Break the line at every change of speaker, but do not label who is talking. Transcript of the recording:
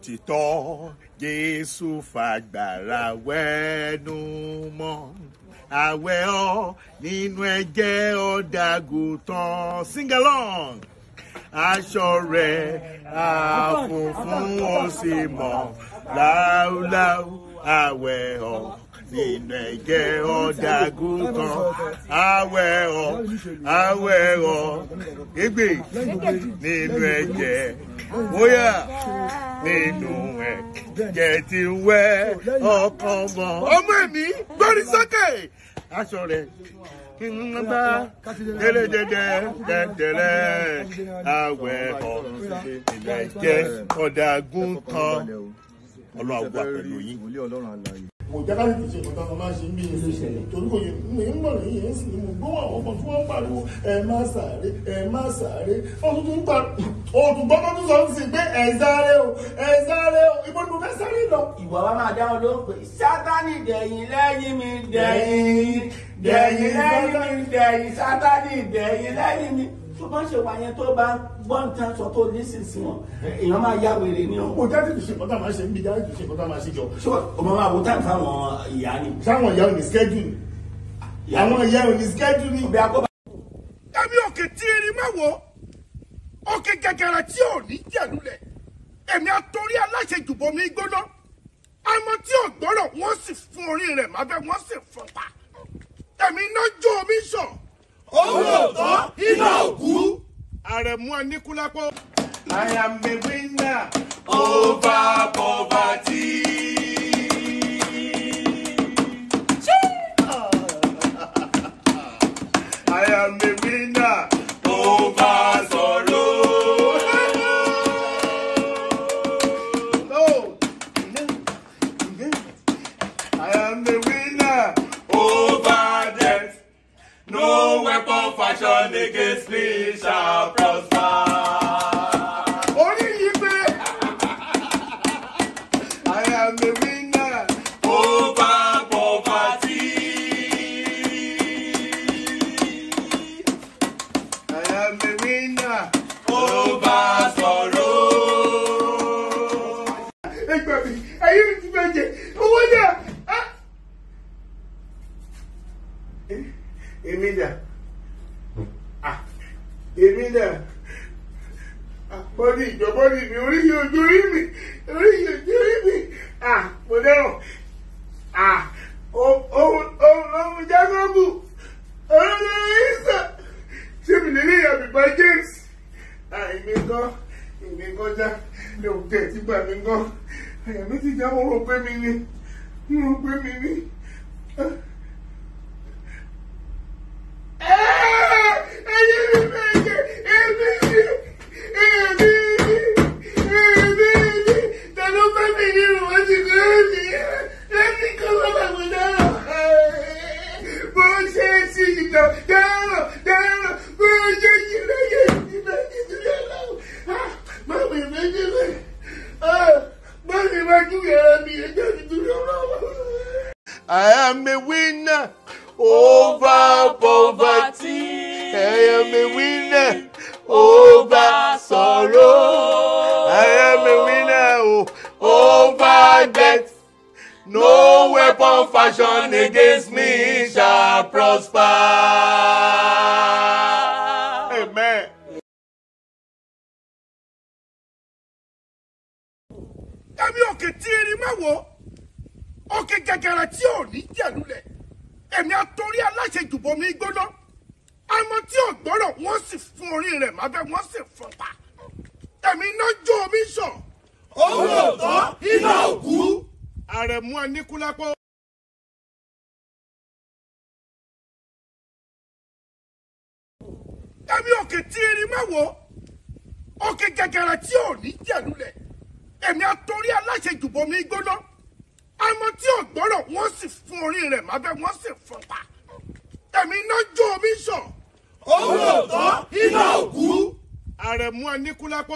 òtítọ́ Jésù fagbára wẹ́nu mọ́ àwẹ̀ ọ nínú ẹ̀jẹ̀ ọ̀dàgùtàn sing along aṣọ rẹ̀ àfùnfún ó sì mọ́ láúláú àwẹ̀ ọ nìgbẹ̀jẹ̀ ọ̀dàgùn kan awẹ́ ọ awẹ́ ọ égbè nínú ẹ̀jẹ̀ bóyá nínú ẹ̀jẹ̀ ti wẹ́ ọkàn mọ́. ọmọ mi gbórí sókè aṣọ rẹ̀ kìnnìkànbá délédédé dẹdẹrẹ awẹ́ ọ ìgbẹ̀jẹ̀ ọ̀dàgùn kan ọlọ́wà pẹ̀lú yín kò jáká ní kìí ṣe ìkọ̀tà máa ṣe ń bí yẹn torí kò yẹ mi ń mọ̀ lẹ́yìn yẹn sì ni mo gbọ́ àwọn ọmọ tí wọ́n ń pariwo ẹ má sáré ẹ má sáré ọdún tó ń pa òòtù gbọ́dọ̀ tó sọ ń sìn pé ẹ sáré o ẹ sáré o ìbọn tó fẹ́ sáré lọ. ìwà wa máa dáhùn ló pé sátani dẹ̀yìn lẹ́yìn mi dẹ̀yìn dẹ̀yìn lẹ́yìn mi dẹ̀yìn sátani dẹ̀yìn lẹ́yìn mi tó bá ṣe wà yẹn tó bá gbọ́ nǹkan sọ tó lé sísì èèyàn máa ya wèrè ni o jáde tó ṣe kọ́tà máa ṣe ń bí jáde tó ṣe kọ́tà máa ṣe jọ. ṣé o máa wo táǹkì àwọn ìyá ni. sáwọn ìyá ò ní ni àwọn ìyá ò ní ni. ọbẹ̀ akọ́bà. ẹ̀mí òkè tí erin máa wọ̀ òkè gẹ̀gẹ̀rẹ̀ tí ò ní jẹ̀lulẹ̀ èmi àtòrí aláṣẹ jùbọ̀ tán iná òkú Àrẹ̀mú Aníkúlápó. I am a winner over poverty. I am the winner over sorrow. No, no, no. I am the. winner. weapon fashioned against me shall prosper. Orí yìí I am the winner. Over poverty. I am the winner. Over sorrow. Ẹgbẹ́ mi, ẹ̀yin ti fẹ́ jẹ, owó náà. Ah! Emília, èmi náà àpọ́nì ìjọ́bọ́nì mi oríyìn ojú orí mi oríyìn ojú orí mi à mo dẹ́rùn à ohun ohun jágọ́bù olórí ìsà ṣé mi lè rí ìyàbí bá James àìmí gan ìmí gan já ní òkè tí gbà mí gan àyà mi ti já mo rò pé mi ni mo rò pé mi ni. I am a winner over poverty. I am a winner over sorrow. I am a winner oh, over death. No weapon fashioned against me shall prosper. Amen. Dami òkè okay, erin máa wọ̀ òkè gàgàrà tí ò ní jẹ̀lulẹ̀ èmi àtòrí aláṣejù bomi gbóná àmọ́ tí ò gbọ́rọ̀ wọ́n sì fún orí rẹ̀ mábẹ́ wọ́n sì fún pa èmi iná jó omi sàn. owó ọ̀tọ̀ iná òkú. àrẹ̀mú aníkúlápó. èmi òkè tí irin máa wò òkè gàgàrà tí ò ní jẹ̀lulẹ̀ èmi àtòrí aláṣejù bomi gbóná ọmọ tí ò gbọ́rọ̀ wọ́n sì fún orí rẹ̀ mábẹ́ wọ́n sì fún pa tẹ̀mí iná jó omi sàn. owó òtọ́ iná òkú. àrẹ̀mú aníkúlápó.